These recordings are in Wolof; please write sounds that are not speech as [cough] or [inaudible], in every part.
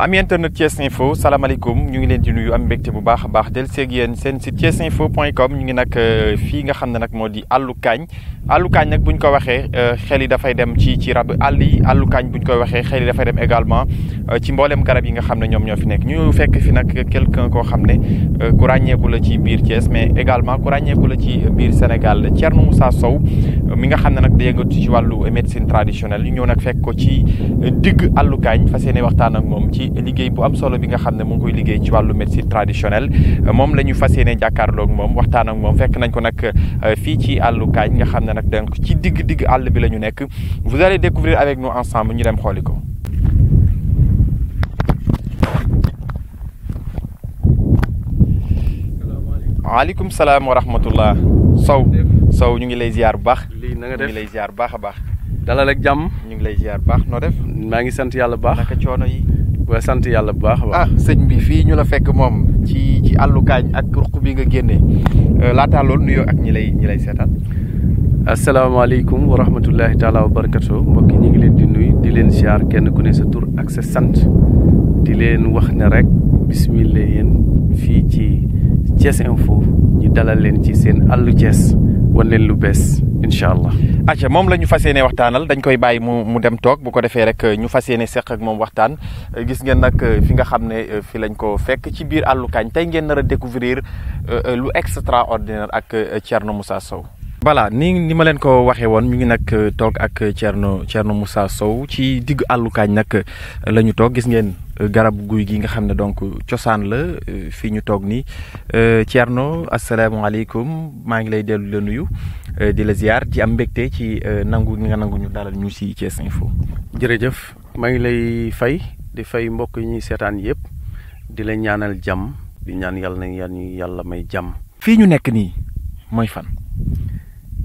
ami internet Thiès Info salaamaaleykum ñu ngi leen di nuyu am mbégte bu baax a baax del seeg yéen seen site thiesinfo.com ñu ngi nag euh, fii nga xam ne nag moo di àllu kaañ àllu kaañ nag ko waxee euh, xel yi dafay dem ci ci rab àll yi àllu kaañ koy waxee xel yi dafay dem également euh, ci mboolem garab yi nga xam ne ñoom ñoo fi nekk ñu fekk fi nag quelqu'un koo xam ne ku la ci biir Thiès mais également ku ràññeeku la ci biir Sénégal Thierno Moussa Sow mi nga xam ne nag da yëngatu ci wàllu médecine traditionnel ñu ñëw nag fekk ko ci digg àllu kaañ fas yéene waxtaan ak moom ci liggéey bu am solo bi nga xam ne mu ngi koy liggéey ci wàllu médecine traditionnelle moom la ñu fas yéene jàkkaarloog moom waxtaan ak moom fekk nañ ko nag euh, fii ci àllu kaañ nga xam ne nag donc ci digg-digg àll bi la ñu nekk vous allez découvrir avec nous ensemble ñu dem xooli ko waaleykum salaam wa rahmatullah Sow Sow ñu ngi lay ziar bu baax. lii na nga ñu ngi lay ziar bu baax a baax. dalal ak jàmm. ñu ngi lay ziar baax noo def. maa ngi sant yàlla bu baax. naka coono yi. waaw sant yàlla bu baax ah sëñ bi fii ñu la fekk moom ci ci àllu kaañ ak ruq bi nga génne euh, laataa loolu nuyoo ak ñi lay ñi lay seetaan. asalaamaaleykum wa rahmatullahi taala wa barakatu mbokki ñu ngi leen di nuy di leen siyaar kenn ku ne sa tur ak sa sant di leen wax ne rek bismillah yéen fii ci Thiès Info ñu dalal leen ci seen àllu Thiès. wan leen lu bees incha allah. acca moom la ñu fas yéene waxtaanal dañ koy bàyyi mu mu dem toog bu ko defee rek ñu fas yéene seq ak moom waxtaan gis ngeen nag euh, fi nga xam ne euh, fi lañ ko fekk ci biir àllukañ tey ngeen nar a découvrir euh, lu extraordinaire ak Thierno Moussa Sow. voilà ni ni ma leen ko waxee woon ñu ngi nag euh, toog ak Thierno Thierno Moussa Sow ci diggu àllukaañ nag euh, la ñu toog gis ngeen euh, garab guy gi nga xam ne donc cosaan la fii ñu toog nii Thierno asalaamaaleykum maa ngi lay dellu la nuyu di la ziar di am mbégte ci nangu nga nangu ñu dalal ñu si Thiès Info. jërëjëf maa ngi lay fay di fay mbokk yi ñuy seetaan yëpp di la ñaanal jàmm di ñaan yàlla na yàlla may jàmm. fii ñu nekk nii mooy fan.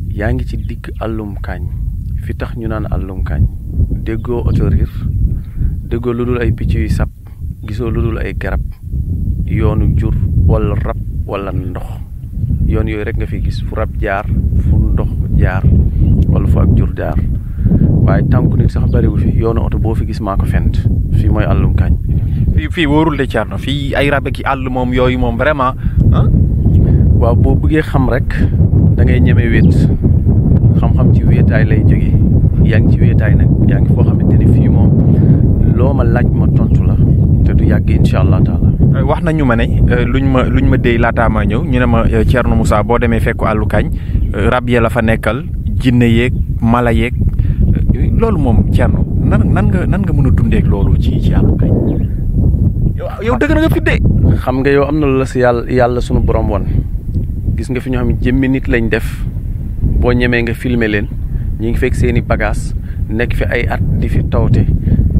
yaa ngi ci digg àllum kaañ fi tax ñu naan àllum kaañ déggoo oto riir déggoo lu dul ay picc yu sab gisoo lu dul ay garab yoonu jur wala rab wala ndox yoon yooyu rek nga fi gis fu rab jaar fu ndox jaar wala fu ak jur jaar waaye tànku nit sax bariwu fi yoonu oto boo fi gis maa ko fent fi mooy àllum kaañ fii fii wóorul de Thierno fii ay rab ki àll moom yooyu moom vraiment ah? waaw boo bëggee xam rek da ngay ñeme wéet xam-xam ci wéetaay lay jóge yaa ngi ci wéetaay nag yaa ngi foo xamante ni fii moom loo ma laaj ma tontu la te du yàgg incha allah taala euh, wax nañu ma ne euh, luñ ma luñ ma déy laataa ma ñëw ñu ne ma euh, Thierno musaa boo demee fekku àllu kañ rab ya la fa nekkal jinne yéeg mala yéeg loolu moom Thierno nan nan nga nan nga mën a dundeek loolu ci ci àllu kañ yow dëgg na nga fiddee xam nga yow am na lu la si yàlla yàlla sunu borom won gis nga fi ñoo xam ne jëmmi nit lañ def boo ñemee nga filme leen ñi ngi fekk seeni bagage nekk fi ay at di fi tawte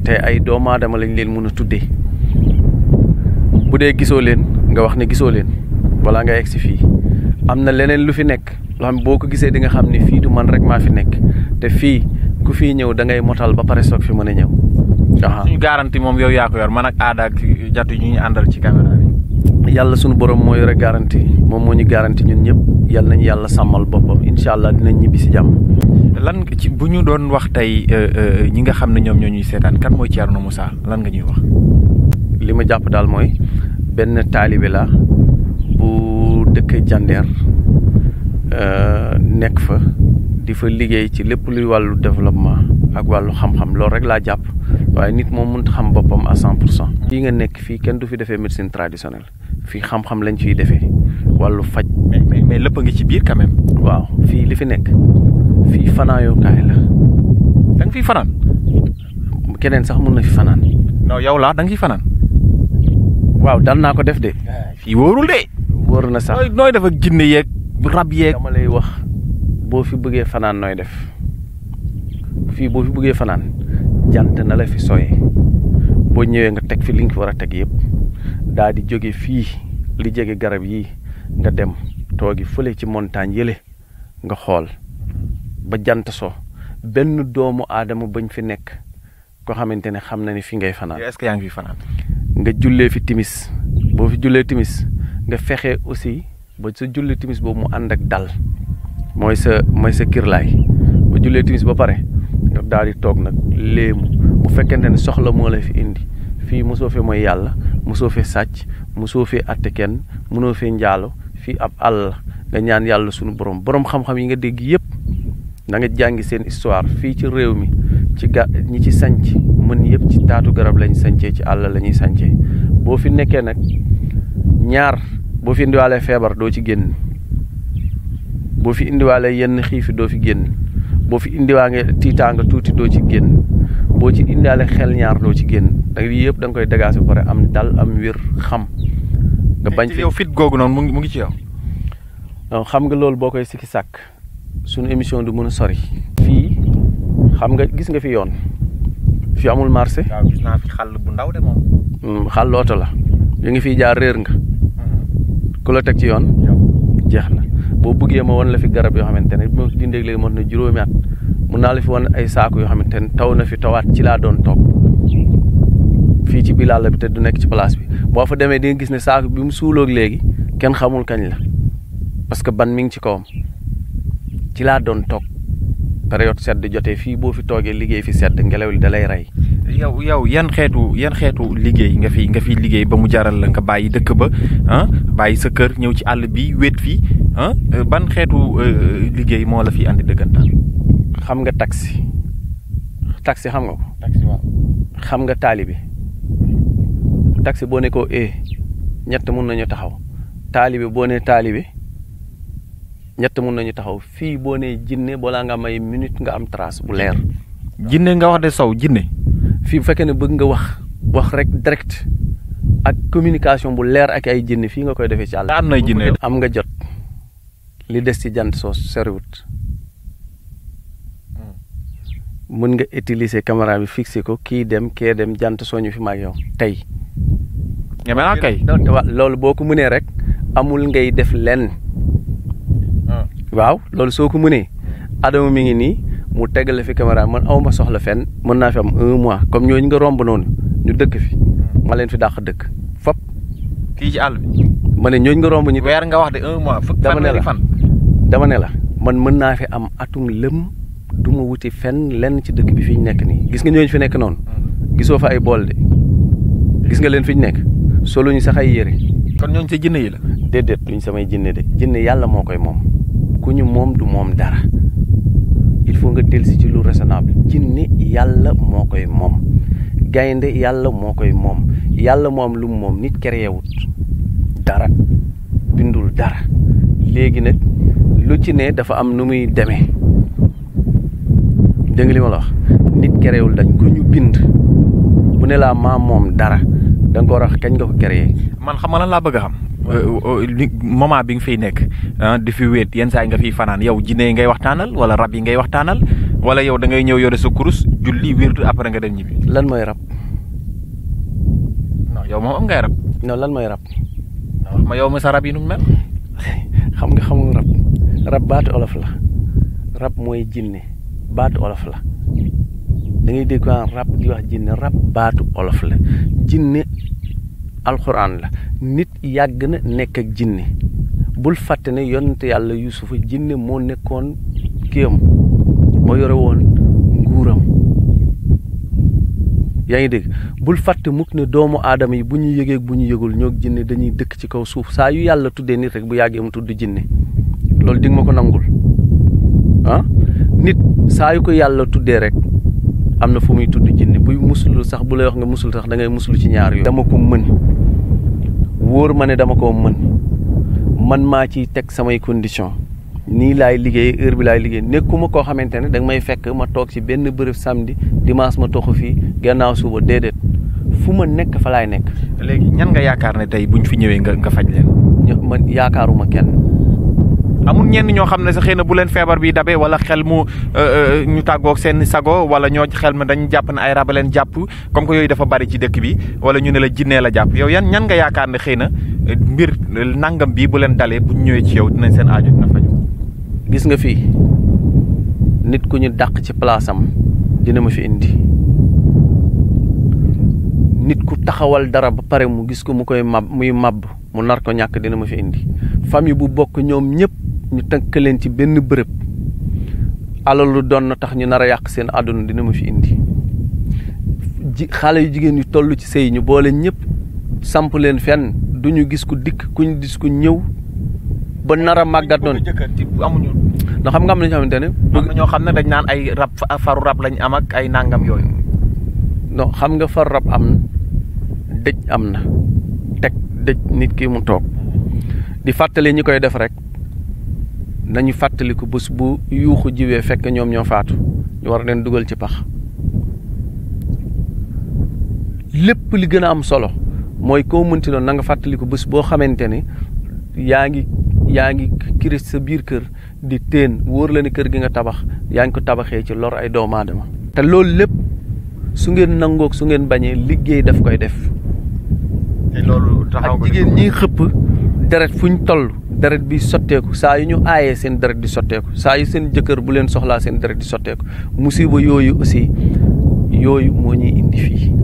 te ay doomu aadama lañ leen mën a tuddee bu dee gisoo leen nga wax ne gisoo leen balaa nga egg si fii am na leneen lu fi nekk loo xam boo ko gisee di nga xam ne fii du man rek maa fi nekk te fii ku fii ñëw da ngay motal ba pare soog fi mën a ñëw. waaw garanti moom yow yaa ko yor man ak aada jatu ñu ñu àndal ci caméra yàlla sunu borom mooy rek garanti moom moo ñu garanti ñun ñëpp yàlla nañu yàlla sàmmal boppam incha allah dinañ ñibbi si jàmm. lan ci bu ñu doon wax tey euh, euh, ñi nga xam ne ñoom ñoo ñuy seetaan kan mooy Thierno Moussa lan nga ñuy wax. li ma jàpp daal mooy benn taalibe la bu dëkk Jandeer euh, nekk fa di fa liggéey ci lépp luy wàllu développement ak wàllu xam-xam loolu rek laa jàpp waaye nit moom mënut xam boppam a cent pour cent. fii nga nekk fii kenn du fi defee médecine traditionnelle. fii xam-xam lañ ciy defee wàllu faj. mais mais lépp a ngi ci biir quand waaw fii li fi nekk fii fanaayukaay la. da nga fiy fanaan. keneen sax mun na fi fanaan. non yow laa danga nga fiy fanaan. waaw dal naa ko def de. fii warul de. wóor na sax nooy def ak jinne yeeg rab yeeg. dama wax boo fi bëggee fanaan nooy def fii boo fi bëggee fanaan jant na la fi sooyee boo ñëwee nga teg fi li nga fi war a teg yëpp. daal di jóge fii li jege garab yi nga dem toogi fële ci montagne yële nga xool ba jant so benn doomu aadama bañ fi nekk ko xamante ne xam na ni fi ngay fanaan. est-ce que yaa ngi fi nga jullee fi timis boo fi jullee timis nga fexe aussi ba sa julli timis boobu mu ànd ak dal mooy sa mooy sa kirlaay ba jullee timis ba pare nga daal di toog nag léemu bu fekkente ne soxla moo la fi indi. fii mosoo fee mooy yàlla mosoo fee sàcc mosoo fee atte kenn mënoo fee njaalo fii ab àll la nga ñaan yàlla sunu borom borom xam-xam yi nga dégg yëpp na nga jàngi seen histoire fii ci réew mi ci ga ñi ci sanc mën yëpp ci taatu garab lañ sañcee ci àll lañuy ñuy sancee boo fi nekkee nag ñaar boo fi indiwaalee feebar doo ci génn boo fi indiwaalee yenn xiif doo fi génn boo fi indiwaa nga tiitaanga tuuti doo ci génn boo ci indaale xel ñaar doo ci génn dag yii yëpp danga koy dagaase ba pare am dal am wér xam. nga bañ fi yow fit googu noonu mu ngi mu ngi ci yow. xam nga loolu boo koy sikki sàkk suñu émission du mën a sori. fii xam nga gis nga fi yoon. fi amul marché. waaw gis ndaw de moom. Hmm, la. yu ngi fiy jaar réer nga. Hmm. ku la teg ci yoon. jeex na. boo bëggee ma wan la fi garab yoo xamante ne bi ma fi dindee léegi mot na juróomi at mun naa la fi wan ay saako yoo xamante ne taw na fi tawaat ci laa doon toog fii ci biir àll bi te du nekk ci place bi boo fa demee di nga gis ne saako bi mu suuloog léegi kenn xamul kañ la parce que ban mi ngi ci kawam ci laa doon toog période sedd jotee fii boo fi toogee liggéey fi sedd ngelaw li da lay rey yow yow yan xeetu yan xeetu liggéey nga fi nga fi liggéey ba mu jaral la nga bàyyi dëkk ba ah, bàyyi sa kër ñëw ci àll bi wéet fii ah, ban xeetu euh, liggéey moo la fi andi dëggantaan. xam nga taxi. taxi xam nga ko. xam nga taalibi. taxi boo ne ko eh ñett mun nañu taxaw. taalibi boo ne taalibi ñett mun nañu taxaw fii boo ne jinne balaa nga may minute nga am trace bu leer. jinne nga wax de sow jinne. fii bu fekkee ne bëgg nga wax wax rek direct ak communication bu leer ak ay jinne fii nga koy defee ci àll. am na jinne am nga jot li des ci jant soos soriwut hmm. mën nga utiliser caméra bi fixé ko kii dem kee dem jant soñu fi maag yow tey. ñeme kay. loolu boo ko mënee rek amul ngay def lenn. Ah. waaw loolu soo ko mënee. Adama mi ngi nii. mu tegale fi caméra man aw ma soxla fen mën naa fi am un mois comme ñooñu nga romb noonu ñu dëkk fi hmm. ma leen fi dàq dëkk fop kii ci àll ma ne ñooñu nga romb ñu weer nga wax de un mois dama ne la dama ne la man mën naa fi am atum lëm du ma wuti fenn lenn ci dëkk bi fi ñu nekk nii gis nga ñooñu fi nekk noonu hmm. gisoo fa ay bool de gis nga leen fi ñu nekk solo ñu sax ay yére kon ñooñu sa jinne yi la déedéet duñ samay jinne de jinne yàlla moo koy moom ku ñu moom du moom dara foo nga nga si ci lu ci jinne yàlla moo koy moom gaynde yàlla moo koy moom yàlla moo am lu mu moom nit créé wut dara bindul dara léegi nag lu ci ne dafa am nu muy demee dégg nga li ma nit crééwul dañ ko ñu bind mu ne laa maam moom dara da nga ko war a kañ nga ko créé man xam nga laa bëgg a xam Euh, euh, moment bi nga fiy nekk ah, di fi wéet yenn saa yi nga fiy fanaan yow jinne yi ngay waxtaanal wala rab yi ngay waxtaanal wala yow da ngay ñëw yore sa kurus julli wirdu après nga dem ñibbi. lan mooy rab. non yow moom am ngay rab. non lan mooy rab. ma yow ma sa rab yi nu mel. xam nga xamul rab rab baatu olof la rab mooy jinne baatu olof la dangay ngay dégg rab di wax jinne rab baatu olof la jinne alxuraan la nit yàgg na nekk ak jinne bul fàtte ne yonent yàlla yusufa jinne moo nekkoon kiyam moo yore woon nguuram yaa ngi dégg bul fàtte mukk ne doomu aadama yi bu ñu yëgee bu ñu yëgul ñoo jinne dañuy dëkk ci kaw suuf saa yu yàlla tuddee nit rek bu yàggee mu tudd jinne loolu di ma ko nangul ah? nit saa yu ko yàlla tuddee rek am na fu muy tudd jinne buy muslu sax bu lay wax nga muslu sax da ngay muslu ci ñaar yooyu. dama ko mën wóor ma ne dama koo mën man maa ciy teg samay condition nii laay liggéey heure bi laay liggéey nekkuma koo xamante ne da may fekk ma toog ci benn bërëb samedi dimanche ma toxu fii gannaaw suba déedéet fu ma nekk fa laay nekk. léegi ñan nga yaakaar ne tey bu buñ fi ñëwee nga nga faj leen. man yaakaaruma kenn. amul ñenn ñoo xam ne sax xëy na bu leen feebar bi dabee wala xel mu euh, euh, ñu tàggoog seen sago wala ñoo xel ma dañ jàpp ne ay rab leen jàpp comme que yooyu dafa bari ci dëkk bi wala ñu ne la jinnee la jàpp yow yan ñan nga yaakaar ne xëy na euh, mbir nangam bii bu leen dalee bu ñëwee ci yow dinañ seen aajo dina faju gis nga fii nit ku ñu dàq ci palaasam dina ma fi indi nit ku taxawal dara ba pare mu gis ko mu koy mab muy màbb mu nar ko ñàkk dina ma fi indi famille bu bokk ñoom ñëpp ñu tënk leen ci benn bërëb alalu doon na tax ñu nar a yàq seen àdduna dina mu fi indi ji xale yu jigéen yu tollu ci sëy ñu boole ñëpp samp leen fenn du ñu gis ku dikk kuñ gis ku ñëw ba nar a màggat doon amuñu ndax xam nga am na ñoo xamante ne. xam ne dañ naan ay rab faru rab lañu am ak ay nangam yooyu. donc xam nga faru rab am na dëj am na teg dëj nit ki mu toog di fàttali ñu koy def rek. nañu fàttaliku bés bu yuuxu jiwee fekk ñoom ñoo faatu ñu war a leen dugal ci pax lépp li gën a am solo mooy koo mënti doon na nga fàttaliku bés boo xamante ne yaa ngi yaa ngi kirist sa biir kër di teen wóor la ne kër gi nga tabax yaa ngi ko tabaxee ci lor ay doomu aadama te loolu lépp su ngeen nangoog su ngeen bañee liggéey daf koy def. te loolu ak jigéen ñiy xëpp deret fuñ toll. deret bi sotteeku saa yu ñu aaye seen deret di sotteeku saa yu seen jëkkër bu leen soxlaa seen deret di sotteeku musiba yooyu aussi yooyu moo ñuy indi fii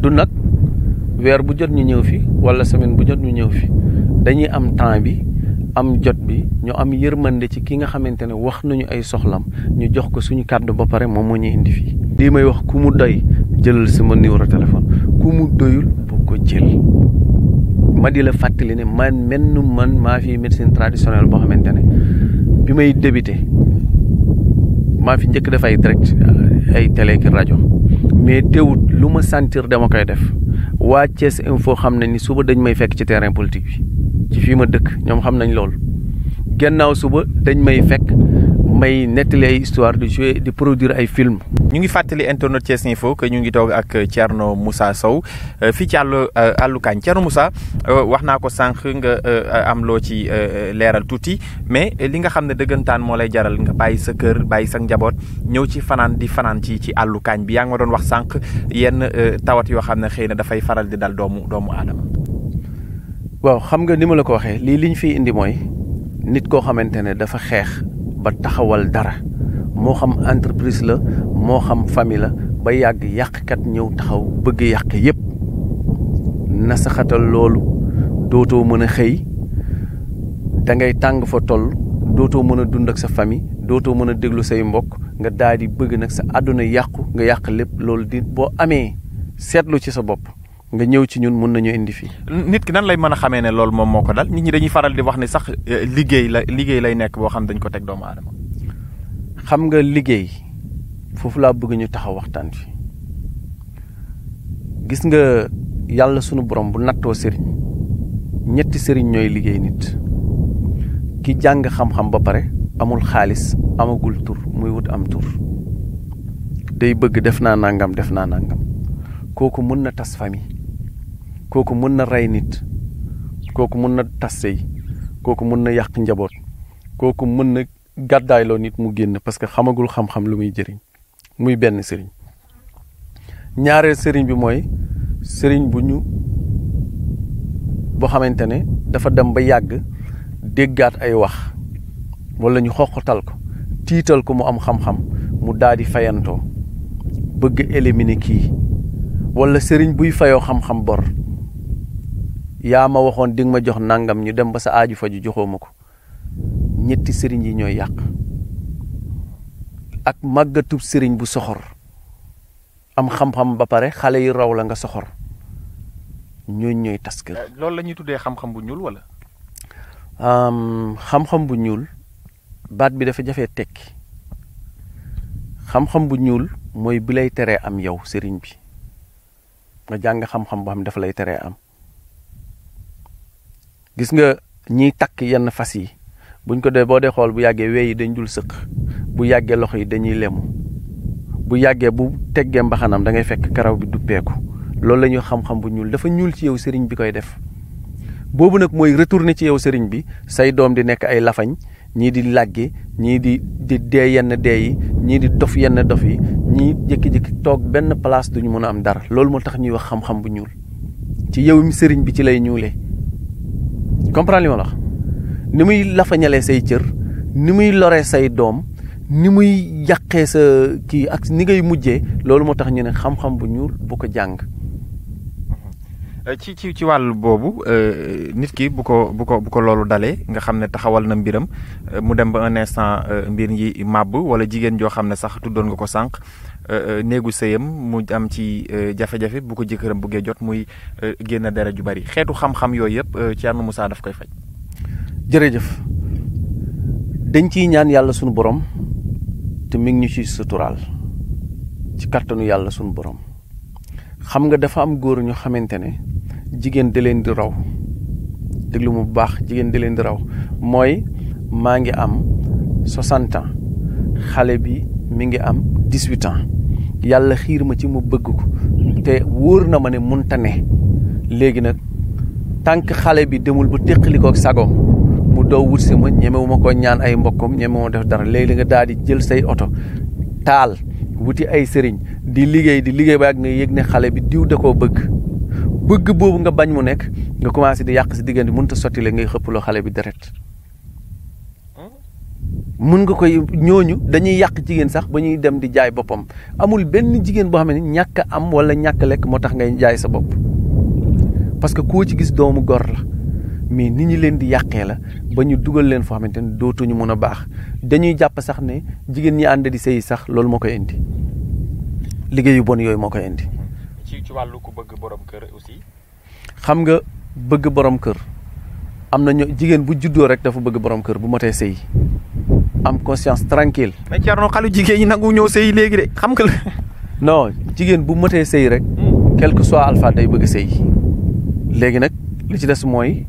du nag weer bu jot ñu ñëw fii walla semaine bu jot ñu ñëw fi dañuy am temps bi am jot bi ñu am yërmande ci ki nga xamante ne wax nañu ay soxlam ñu jox ko suñu kàddu ba pare moom moo ñuy indi fii lii may wax ku mu doy jëlal sama numéro téléphone ku mu doyul bu ko jël ma di la fàttali ne man menn man maa fi médecine traditionnelle boo xamante ne bi may débuté maa fi njëkk def ay direct euh, ay télé ki rajo mais teewut lu ma sentir dama koy def waa Thiès Info xam na ni suba dañ may fekk ci terrain politique bi ci fii ma dëkk ñoom xam nañ loolu gannaaw suba dañ may fekk may nettali ay histoire di jouer di produire ay film ñu ngi fàttali internet Thiès Info que ñu ngi toog ak cerno Moussa Sow euh, fii ci àll euh, àllu Kañ Thierno Moussa euh, wax naa ko sànq nga am loo ci leeral tuuti mais li nga xam ne dëggantaan moo lay jaral nga bàyyi sa kër bàyyi sa njaboot ñëw ci fanaan di fanaan ci ci àllu Kañ bi yaa nga doon wax sànq yenn tawat yoo xam ne xëy na dafay faral di dal doomu doomu aadama. waaw xam nga ni ma la ko waxee lii li ñu fiy indi mooy nit koo xamante ne dafa xeex ba taxawal dara. moo xam entreprise la moo xam famille la ba yàgg yàq kat ñëw taxaw bëgg yàq yépp nasaxatal loolu dootoo mën a xëy da ngay tàng fa toll dootoo mën a dund ak sa famille dootoo mën a déglu say mbokk nga daal di bëgg nag sa àdduna yàqu nga yàq lépp loolu di boo amee seetlu ci sa bopp nga ñëw ci ñun mun nañu indi fii. nit ki nan lay mën a xamee ne loolu moom moo ko dal nit ñi dañuy faral di wax ni sax eh, liggéey la liggéey lay nekk boo xam dañ ko teg doomu aadama. xam nga liggéey foofu laa bëgg ñu taxaw waxtaan fi gis nga yàlla sunu borom bu nattoo sëriñ ñetti sëriñ ñooy liggéey nit ki jàng xam-xam ba pare amul xaalis amagul tur muy wut am tur day bëgg def naa nangam def naa nangam kooku mën na tas famille kooku mën na rey nit kooku mën na tas sëy kooku mën na yàq njaboot kooku mun na gàddaayloo nit mu génn parce que xamagul xam-xam lu muy jëriñ muy benn sëriñ ñaareel sëriñ bi mooy sëriñ bu ñu boo xamante ne dafa dem ba yàgg déggaat ay wax walla ñu xoqatal ko tiital ko mu am xam-xam mu daal di bëgg éliminer kii walla sëriñ buy fayoo xam-xam bor yaa ma waxoon di ma jox nangam ñu dem ba sa aaju faju joxoo ma ko ñetti sëriñ yi ñooy yàq ak màggatub sëriñ bu soxor am xam-xam ba pare xale yi raw la nga soxor ñooñ ñooy tas kër. Euh, loolu lañuy tuddee xam-xam bu ñuul wala. xam bu ñuul baat bi dafa jafe tekki xam-xam bu ñuul mooy bi lay teree am yow sëriñ bi nga jàng xam-xam boo xam dafa lay teree am gis nga ñiy takk yenn fas yi. bu buñ ko dee boo dee xool bu yàggee wee yi dañ dul sëq bu yàggee loxo yi dañuy lemu bu yàggee bu teggee mbaxanam dangay fekk karaw bi duppeeku loolu la ñu xam-xam bu ñuul dafa ñuul ci yow sëriñ bi koy def boobu nag mooy retourné ci yow sëriñ bi say doom di nekk ay lafañ ñii di làggi ñii di di dee yenn dee ñii di dof yenn dof yi ñii jékki toog benn place duñu mën a am dara loolu moo tax ñuy wax xam bu ñuul ci yow mi sëriñ bi ci lay ñuulee comprendre li ma la ni muy lafañalee say cër ni muy lore say doom ni muy yàqee sa kii ak ni ngay mujjee loolu moo tax ñu ne xam-xam bu ñuul bu ko jàng. Mhm. Euh, ci ci ci wàll boobu euh, nit ki bu ko bu ko bu ko loolu dalee nga xam ne taxawal na mbiram euh, mu dem ba un instant mbir yi màbb wala jigéen joo xam ne sax tuddoon nga ko sànq néegu sëyam mu am ci jafe-jafe bu ko jëkkëram buggee jot muy génn dara ju bari xeetu xam-xam yooyu yëpp Thierno Moussa daf koy faj. jërëjëf dañ ciy ñaan yàlla sunu borom te mi ngi ñu ci suturaal ci kàttanu yàlla sunu borom xam nga dafa am góor ñu xamante ne jigéen da leen di raw déglu mu bu baax jigéen da leen di raw mooy maa ngi am soixante ans xale bi mi ngi am dix-huit yàlla xiir ma ci mu bëgg ko te wóor na ma ne munta ne léegi nag tànk xale bi demul bu téqali ko sagoom mu daw wut si ma ñemewu ma ko ñaan ay mbokkam ñemewu ma def dara léegi nga daal di jël say oto taal wuti ay sëriñ di liggéey di liggéey ba ak nga yëg ne xale bi diw da koo bëgg bëgg boobu nga bañ mu nekk nga commencé di yàq si diggante mënut a sotti la ngay xëppaloo xale bi deret mun nga koy ñooñu dañuy yàq jigéen sax ba ñuy dem di jaay boppam amul benn jigéen boo xam ne ñàkk am wala ñàkk lekk moo tax ngay jaay sa bopp parce que koo ci gis doomu gor la mais nit ñi leen di yàqee la ba ñu dugal leen foo xamante ne dootuñu mën a baax dañuy jàpp sax ne jigéen ñi ànd di sëy sax loolu moo koy indi liggéeyu bon yooyu moo koy indi. ci ci wàllu ku bëgg kër aussi. xam nga bëgg borom kër am na ñoo jigéen bu juddoo rek dafa bëgg borom kër bu matee sëy am conscience tranquille mais Thierno xalu jigéen ñi nag nangu ñëw sëy léegi de xam nga. [laughs] non jigéen bu matee sëy rek. Hmm. quelque que alpha day bëgg sëy léegi nag li ci des mooy.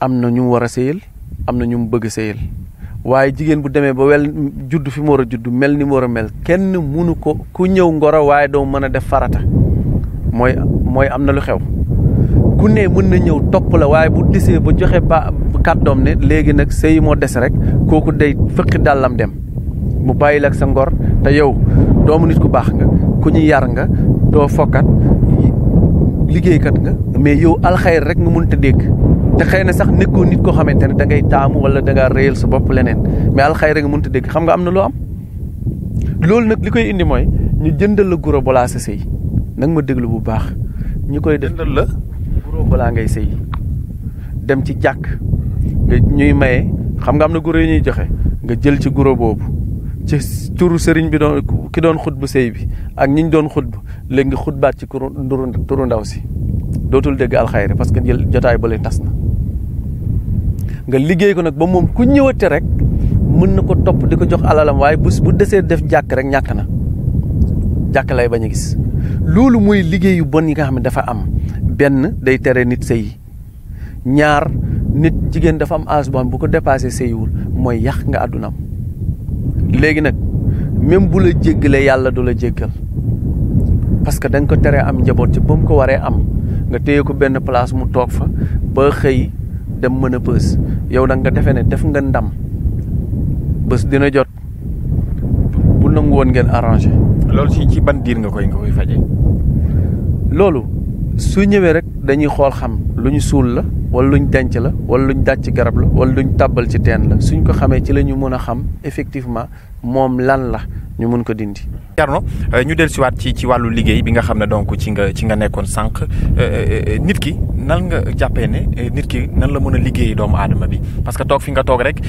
am na ñu war a sëyal am na ñu mu bëgg sëyal waaye jigéen bu demee ba wel judd fi mu war a judd mel ni mu war a mel kenn munu ko ku ñëw ngoro waaye doo mën a def farata mooy mooy am na lu xew ku ne mën na ñëw topp la waaye bu desee ba joxe ba kàddoom ne léegi nag sëy moo des rek kooku day fëqi dàllam dem mu bàyyi la ak sa ngor te yow doomu nit ku baax nga ku ñu yar nga doo fokkat liggéeykat nga mais yow alxayr rek nga mënut a dégg te xëy na sax nekkoo nit koo xamante ne da ngay taamu wala da ngaa réyal sa bopp leneen mais alxayr rek nga mënut a dégg xam nga am na loo am. nag li koy indi mooy ñu jëndal la guro balaa sa sëy nag ma déglu bu baax ñu koy jëndal la balaa ngay sëy dem ci jàkk ñuy maye xam nga am na guro yi ñuy joxe nga jël ci guro boobu ci turu sëriñ bi doon ki doon xutbu sëy bi ak ñi ñu doon xutbu léegi nga xutbaat ci turu ndaw si dootul dégg alxayri parce que jël jotaay bale tas na nga liggéey ko nag ba moom ku ñëwate rek mën na ko topp di ko jox alalam waaye bu bu desee def jàkk rek ñàkk na jàkk lay bañ a gis loolu mooy liggéeyu bon yi nga xam ne dafa am benn day tere nit sëy ñaar nit jigéen dafa am âge boo xam bu ko dépassé sëyiwul mooy yàq nga àddunaam léegi nag même bu la jéggalee yàlla du la jéggal parce que da ko teree am njaboot ci ba mu ko waree am nga téye ko benn place mu toog fa ba xëy dem mën a bës yow nag nga defee ne def nga ndam bës dina jot bu nangu woon ngeen arrangé. loolu ci ci ban diir nga koy nga koy faje loolu su ñëwee rek dañuy xool xam lu ñu suul la wala luñ denc la wala luñ daj ci garab la wala luñ tàbbal ci teen la suñ ko xamee ci la ñu mën a xam effectivement moom lan la ñu mun ko dindi. Thierno euh, ñu dellusiwaat ci ci wàllu liggéey bi nga xam ne donc ci nga ci nga nekkoon sànq euh, euh, nit ki nan nga jàppee ne nit ki nan la mën a liggéey doomu aadama bi parce que toog fi nga toog rek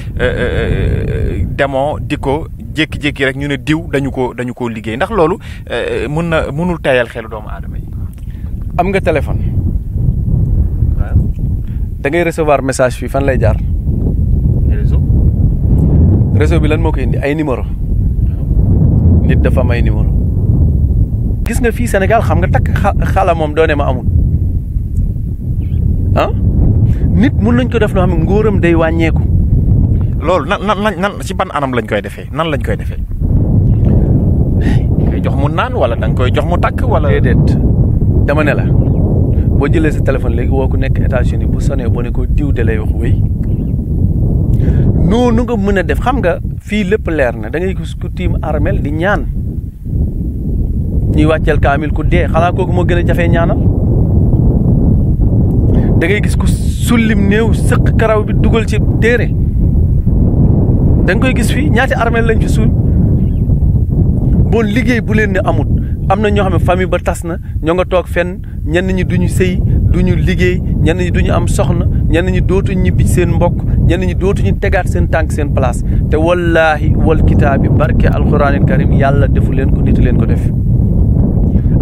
demoo di ko jékki-jékki rek ñu ne diw dañu ko dañu koo liggéey ndax loolu mun na mënul teyal xelu doomu aadama yi. am nga téléphone. da ngay recevoir message fii fan lay jaar. réseau. réseau bi lan moo ko indi ay numéro nit dafa may numéro gis nga fii Sénégal xam nga takk xala moom doone ma amul ah nit mun lañ ko def loo xam ne day wàññeeku. loolu nan nan nan ci ban anam lañ koy defee nan lañ koy defee. ngay jox mu naan wala danga koy jox mu takk wala. déedéet dama ne la boo jëlee sa téléphone léegi woo ku nekk États-Unis bu sonné boo ne koo diw de lay wax wéy. noonu nga mën a def xam nga fii lépp leer na da ngay gis ku tiim armel di ñaan ñuy wàcceel kaamil ku dee xalaa kooku moo gën a jafee ñaanal dangay gis ku sullim néew sëq karaw bi dugal ci téere da koy gis fii ñaati armel lañ fi suul bon liggéey bu leen ne amut am na ñoo xam ne famille ba tas na ñoo nga toog fenn ñenn ñi duñu sëy duñu liggéey ñenn ñi duñu am soxna ñenn ñi dootuñ ñibbi seen mbokk ñenn ñi dootuñu tegaat seen tànk seen place te wallaahi wal kitaabi barke alquranil karim yàlla defu leen ko nit leen ko def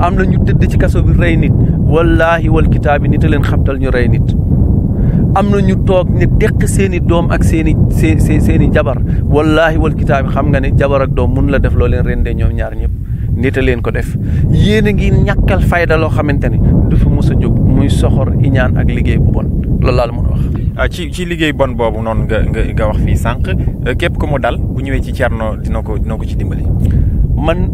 am na ñu tëdd ci kaso bi rey nit wallaahi wal kitaabi nit leen xabtal ñu rey nit am na ñu toog ne deq seeni doom ak seeni seen seeni jabar wallaahi wal kitaabi xam nga ne jabar ak doom mun la def loo leen rendee ñoom ñaar ñëpp nit a leen ko def yéen a ngi ñàkkal fayda loo xamante ni du fi mos a jóg muy soxor iñaan ak liggéey bu bon loolu laa la mën a wax. Ah, ci ci liggéey bon boobu noonu nga nga wax fii sànq euh, képp ko mu dal bu ñëwee ci Thierno dina ko dina ko ci dimbali. man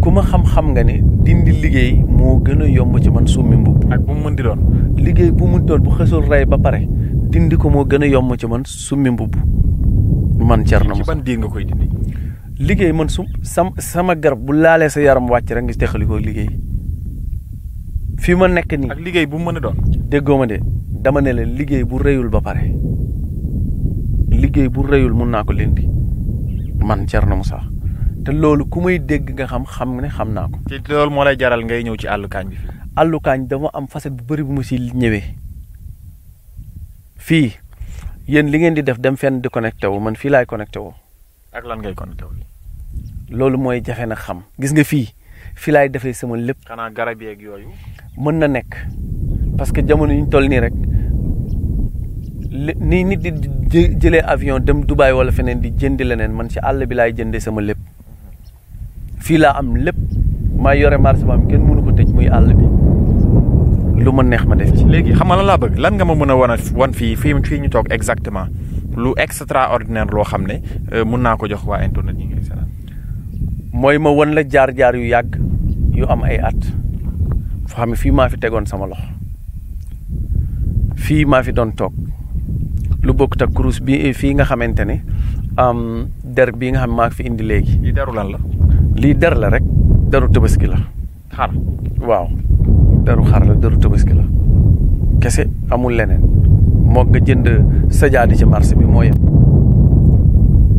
ku ma xam-xam nga ni dindi liggéey moo gën a yomb ci man summi mbubb ak mën di doon. liggéey bu mu doon bu xësul rey ba pare dindi ko moo gën a yomb ci man summi mbubb man Thierno Moussa ci ban diir nga koy dindi. liggéey man su sam sama garab bu laalee sa yaram wàcc rek nga teqali liggéey. fi ma nekk nii ak liggéey bu mu mën a doon. déggoo ma de dama ne leen liggéey bu rëyul ba pare liggéey bu rëyul mun naa ko lendi man Thierno Moussa te loolu ku may dégg nga xam xam ne xam naa ko. loolu moo lay jaral ngay ñëw ci àllukaañ bi. àllukaañ dama am facette bu bëri bu ma si ñëwee fii yéen li ngeen di def dem fenn di connecté wu man fii laay connecté wu. ak lan ngay connecté loolu mooy jafe na xam gis nga fii fii laay defee sama lépp. xanaa garab yeeg yooyu. mën na nekk. parce que jamono yi ñu toll nii rek nii nit di jëlee avion dem Dubaay wala feneen di jëndi leneen man si àll bi laay jëndee sama lépp fii laa am lépp maa yore marché ba am kenn mënu ko tëj muy àll bi lu ma neex ma def ci. léegi xam nga laa bëgg lan nga ma mën a wan a wan fii fii fii ñu toog exactement lu extraordinaire loo xam ne euh, mën naa ko jox waa internet yi ngay seetaan. mooy ma wan la jaar-jaar yu yàgg yu am ay at foo xam ne fii maa fi tegoon sama loxo. fii maa fi doon toog lu bokkut ak kurus bi eh, fii nga xamante ne der bii nga xam maa fi indi léegi. lii deru lan la. lii der la rek deru tabaski la. xar waaw deru xar la deru tabaski la kese amul leneen moo nga jënd sajaadi ci marché bi moo yem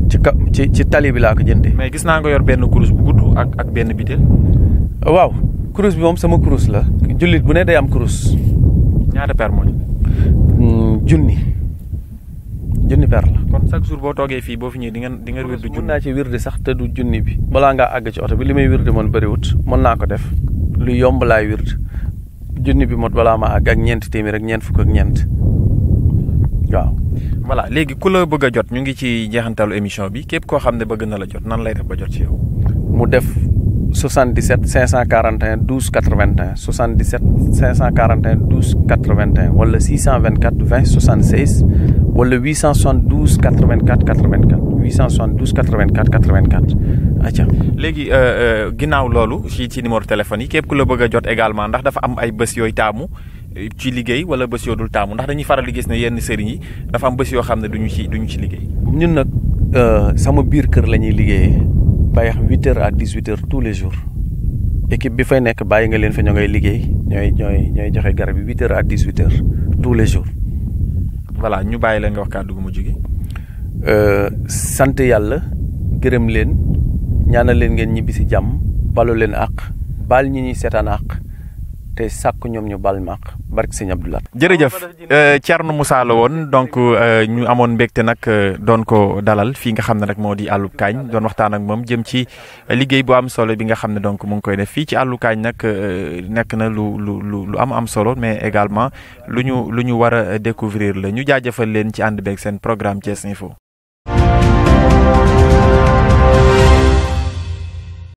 ci ka ci ci tali bi laa ko jëndee. mais gis naa nga yor benn kurus bu gudd ak ak benn bitel. waaw kurus bi moom sama kruus la. jullit bu ne day am kurus. ñaata per junni junni per la. kon chaque jour boo toogee fii boo fi ñëwee di nga di nga wirdu junni mën naa ci wirdi sax te du junni bi balaa ngaa àgg ci oto bi li may wirdi man bëriwut mën naa ko def lu yomb laay wird junni bi mot balaa ma àgg ak ñeenti téeméer ak ñeent fukk ak ñeent waaw. voilà léegi ku la bëgg a jot ñu ngi ci jeexantalu émission bi képp koo xam ne bëgg na la jot nan lay def ba jot ci yow. mu def 77 541 12 81 77 541 12 81 wala 624 20 76 wala 872 84 84 872 84 84. acca léegi euh, euh, ginnaaw loolu ci ci numéro téléphone yi képp ku la bëgg a jot également ndax dafa am ay bés yooyu taamu euh, ci liggéey wala bés yoo dul taamu ndax dañuy faral di gis ne yenn sëriñ yi dafa am bés yoo xam ne duñu ci duñu ci liggéey. ñun nag sama biir kër la ñuy liggéeyee. Bayax huit heures à dix huit tous les jours équipe bi fay nekk bàyyi nga leen fa ñoo ngay liggéey ñooy ñooy ñooy joxe garab yi huit heures à dix huit heures tous les jours. voilà ñu bàyyi leen nga wax kàddu gu mujj gi. Euh, sant yàlla gërëm leen ñaana leen ngeen ñibbi si jàmm balu leen àq bal ñi ñuy seetaan àq te sàkk ñoom ñu bal maaq barke sëñ Abdoulaye. jërëjëf euh, Thierno Moussa la woon donc euh, ñu amoon mbégte nag euh, doon ko dalal fii nga xam ne nag moo di àllub kaañ doon waxtaan ak moom jëm ci liggéey bu am solo bi nga xam ne donc mu ngi koy def fii ci àllu kaañ nag nekk na lu lu lu lu am am solo mais également lu ñu lu ñu war a découvrir la ñu jaajëfal leen ci ànd beek seen programme Thiès Info.